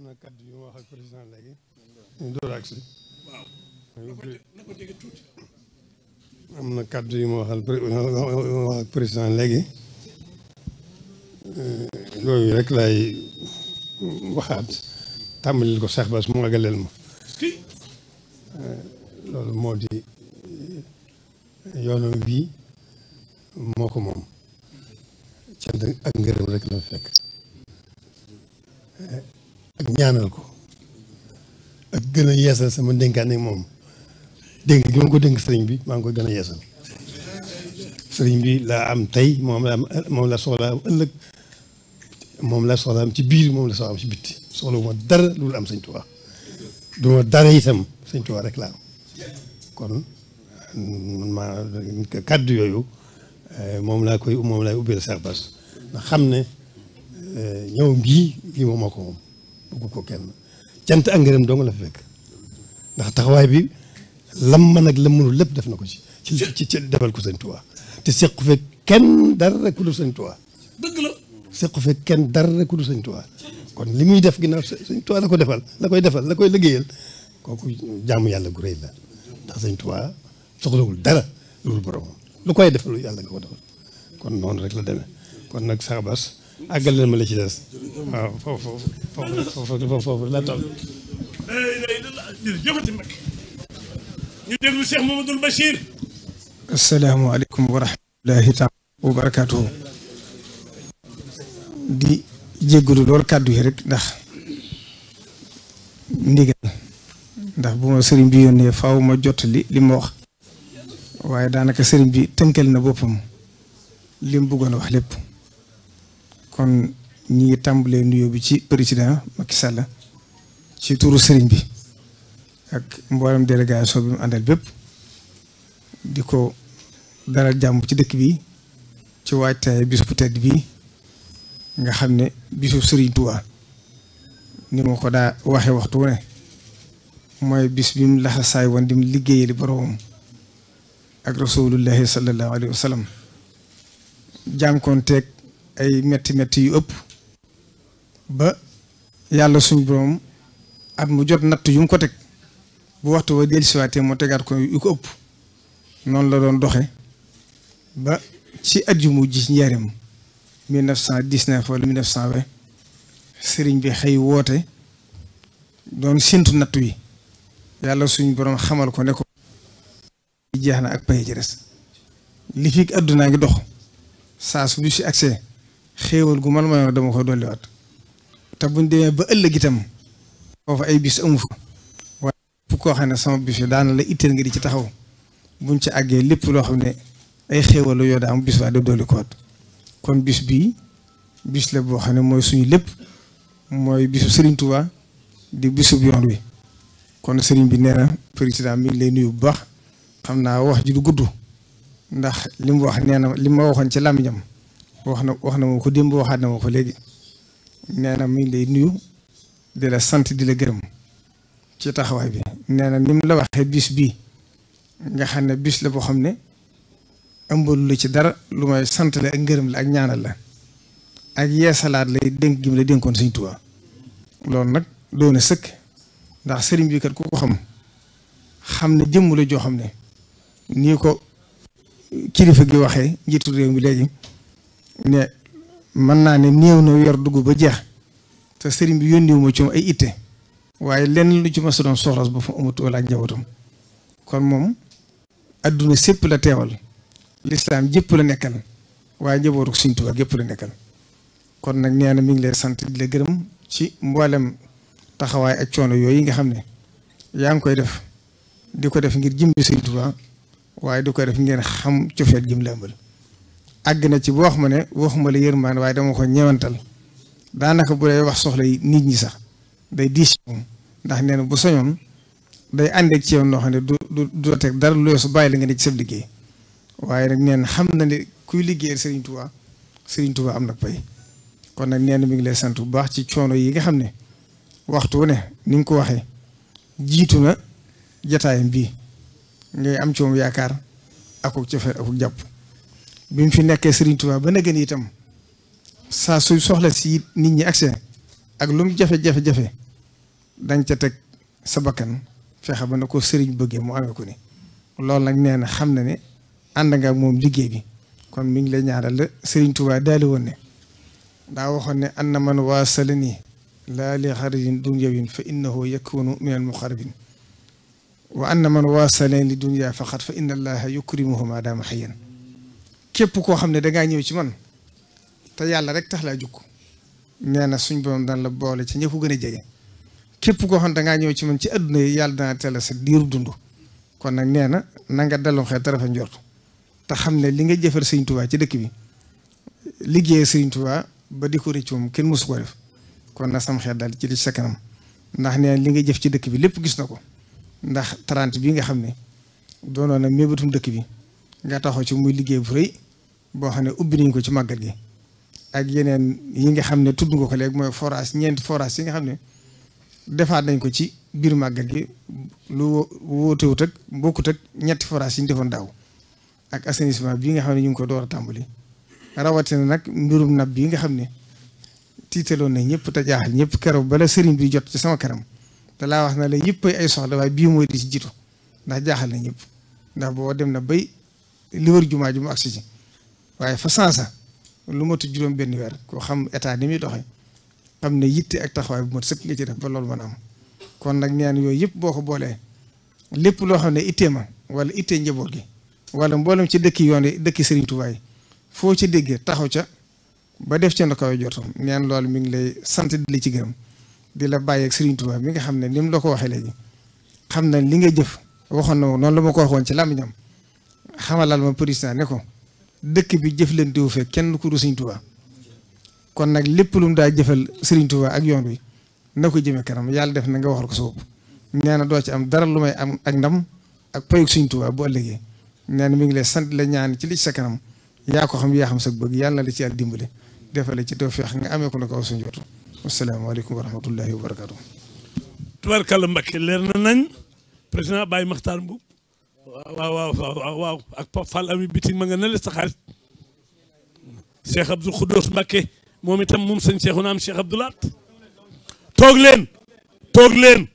am na kaddu yu ma wax ak président léegi. ñu door ak na kaddu yu ma waxal léegi. loolu euh, rek laay waxaat tàmbalil ko Cheikh Bass mu àggaleel ma euh, loolu moo di euh, yoonam bii moo ko moom cant ak ngërëm rek la fekk ak ñaanal ko ak gën a yeesal sama dénkaan ak moom dénk gi ma ko dénk sëriñ bi maa ngi ko gën a yeesal sëriñ bi laa am tey moom la am moom la soxla am ëllëg moom la soxla am ci biir moom la soxla am ci bitti soxla wu loolu am sëñ Tuubaa du ma rek laa am eh, moom laa koy moom laay ubbeel sarbas ndax xam ne eh, ñëw gii lii moom moo ko moom bëggu ko kenn cant ak doom dong la fa fekk ndax taxawaay bi lam man ak lam mënul lépp def na ko ci ci ci ci defal ko sëñ Tuubaa te sequ fekk kenn dara ku dul sëñ Tuubaa dëgg kenn dara ku dul sëñ kon li muy def ginnaaw sëñ Tuubaa la ko defal la koy defal la koy liggéeyal kooku jaamu yàlla gu rëy la ndax sëñ Tuubaa soxlawul dara loolu borom lu koy defal yàlla nga ko defal kon noonu rek la demee kon nag saabas àggal leen ma la ci des waaw foofu foofu foofu foofu la toll. jërëjëfati Mbacke. di jégalu lool kàddu yi rek ndax ndigal ndax bu ma sëriñ bi yónnee faaw ma jottali li ma wax waaye daanaka sëriñ bi tënkal na boppam li mu bëggoon wax lépp. kon ñi ngi tàmbalee nuyoo bi ci président Macky Sall ci turu sëriñ bi ak mboolem délégation bi bépp di ko dara jàmm ci dëkk bi ci waajtaay bis bu bi nga xam ne bisu sëriñ Touba ni ma ko daa waxee waxtu wu ne mooy bis bi mu laxa saay woon di mu ak rasulullahi sallallahu alayhi wa sallam jànkoonteeg ay metti metti yu ëpp ba yàlla suñ borom at mu jot natt yu mu ko teg bu waxtu wa dellusiwaatee mu tegaat ko yu ko ëpp noonu la doon doxe ba ci at yu mujj ci njaarim 1919 wala 1920 sëriñ bi xëy woote doon sintu nattu yi yàlla suñ borom xamal ko ne ko jeex na ak pay ji des li fi àddunaa ngi dox saa su du si accès xéewal gu man ma dama koy dolliwaat te buñ demee ba ëllëg itam foofu ay bis amu fa waaye bu koo xam ne sama bis yi daana la itteel nga di ci taxaw buñ ci àggee lépp loo xam ne ay xéewal la yoo daa am bis baa def dolli koot kon bis bii bis la boo xam ne mooy suñu lépp mooy bisu Serigne Touba di bisub yoon wi kon Serigne bi nee na président mi lay nuyu bu baax xam naa wax ji du gudd ndax li mu wax nee na li ma waxoon ci làmbiñam wax na wax na ma ko démb waxaat na ma ko léegi nee na mi ngi lay nuyu di la sant di la gërëm ci taxawaay bi. nee na ni la waxee bis bii nga xam ne bis la boo xam ne ëmbalul la ci dara lu may sant la ak ngërëm la ak ñaanal la ak yeesalaat lay dénk gi mu la dénkoon Sëriñ Tuubaa loolu nag doon na sëkk ndax sëriñ bi kat ku ko xam xam ne jëmm la joo xam ne nii ko kilifa gi waxee njiitu réew mi léegi. ne mën naa ne néew na yor dugg ba jeex sa sëriñ bi yónniwu ma ci ay itte waaye lenn lu ci ma sa doon soxlas ba fa amatu wala ak kon moom adduna sépp la teewal lislaam jëpp la nekkal waaye njabootu Sëriñ Tuubaa jëpp la nekkal kon nag nee na ngi lay sant di la gërëm ci mboolem taxawaay ak coono yooyu nga xam ne yaa ngi koy def di ko def ngir jëm bi Sëriñ Tuubaa waaye di ko def ngeen xam cofeel jëm la ëmbal àgg na ci boo wax ma ne waxuma la yërmaan waaye dama ko ñewantal daanaka bu lay wax soxla yi nit ñi sax day diis moom ndax nee na bu soñoon day àndeeg ci yoon noo xam ne du du du teg dara lu su bàyyi la nga ne ci liggéey waaye nag nee xam na ne kuy liggéeyal Serigne Touba Serigne Touba am nag pay kon nag neen na mi ngi lay sant bu baax ci coono yi nga xam ne waxtu ne ni ko waxee jiitu na jataayam bii ngay am ci yaakaar akuk cofeel akuk jàpp. bi mu fi nekkee Serigne Touba ba nag itam saa suy soxla si nit ñi accès ak lum jafe-jafe jafe dañ ca teg sa bakkan fexe ba na ko sëriñ bëggee mu amee ko ni loolu nag nee na xam na ne ànd nga ak moom liggéey bi kon mi ngi lay ñaaral la Serigne Touba daali woon ne daa waxoon ne an na man waasala nii laa li xarajin dunyawin fa innahu yakunu min al muqarrabin wa an na man waasala li dunya faqat fa inna allaha yukrimuhu ma daama xayyan képp koo xam ne dangaa ñëw ci man te yàlla rek tax laa jukk nee na suñ borom daan la boole ci ñi ko gën a jege képp koo xam ne dangaa ñëw ci man ci adduna yi yàlla dana teel sa diiru dund kon nag nee na na nga delloo xel te rafet njort te xam ne li nga jëfar sëñ ci dëkk bi liggéeyee sëñ ba di ko kenn mësu ko def kon na sam daal ci li sa ndax nee na li jëf ci dëkk bi lépp gis na ko ndax trente bii nga xam ne doonoon na mébétum dëkk bi nga taxaw ci muy liggéey bu rëy boo xam ne ubbi nañ ko ci màggal gi ak yeneen yi nga xam ne tudd nga ko léegi mooy forage ñeent forage yi nga xam ne defaat nañ ko ci biir màggal gi lu wóotewut ak bokkut ak ñetti forage yi ñu defoon daaw ak assainissement bii nga xam ne ñu ngi ko door a tàmbali rawatina nag mbirum nab bii nga xam ne tiitaloon na ñëpp te jaaxal ñëpp keroog bala sëriñ bi jot ci sama kanam te wax na la yëpp ay soxla waaye bii mooy di ci jiitu ndax jaaxal na ñëpp ndax boo dem na bay li wër jumaa ju mu ci waaye fa sansa lu matu juróom benn weer koo xam état ni muy doxe xam ne yitte ak taxawaay bu mat sëkk nga ci def ba loolu mën a am kon nag ñaan yooyu yëpp boo ko boolee lépp loo xam ne ittee ma wala ittee njaboot gi wala mboolem ci dëkk yoon yi dëkk Serigne foo ci déggee taxaw ca ba def ci ndakaw jotam ñaan loolu mi ngi lay sant di la ci gërëm di la bàyyeeg Serigne Touba mi nga xam ne ni la ko waxee léegi xam na li nga jëf waxoon na noonu la ma ko waxoon ci làmmiñam xamalal ma président ne ko. dëkk bi jëflante wu fekk kenn ku du Sëriñ Tuubaa kon nag lépp lu mu daa jëfal Sëriñ Tuubaa ak yoon wi na ko jëme kanam yàlla def na nga waxal ko sa bopp nee na doo ci am dara lu may am ak ndam ak payug Sëriñ Tuubaa bu ëllëgee nee ngi lay sant la ñaan ci li sa kanam yaa ko xam yaa xam sa bëgg yàlla na la ci yàlla le defale ci tawfeex nga amee ko na ko aw suñu jotu wasalaamaaleykum wa rahmatullahi wa barakaatu. tubaarkàlla Mbacke leer na nañ président Baye Makhtar Mbow waaw waaw waaw waaw ak Pape Fall ami bitig ma nga ne la sa xarit Cheikh Abdou Khoudous Mbacké moom itam moom sëñ Cheikhu naam Cheikh Abdou Lahat toog leen toog leen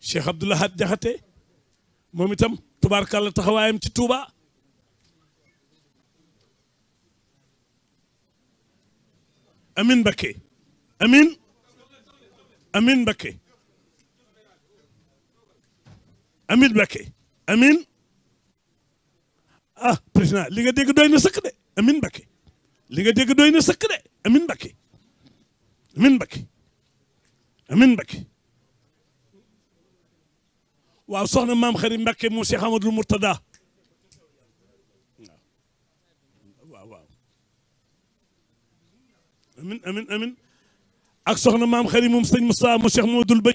Cheikh Abdou Lahad Jaxate moom itam tubaarkàlla taxawaayam ci Touba amin Mbacké amin amin Mbacké amin Mbacké amin ah président li nga dégg doy na sëkk de amin Mbacké li nga dégg doy na sëkk de amin Mbacké amin Mbacké amin Mbacké waaw soxna maam xari Mbacké moom Cheikh Amadou Mourtada waaw waaw amin amin amin ak soxna maam xari moom sëñ Moustapha mu Cheikh Modou Ba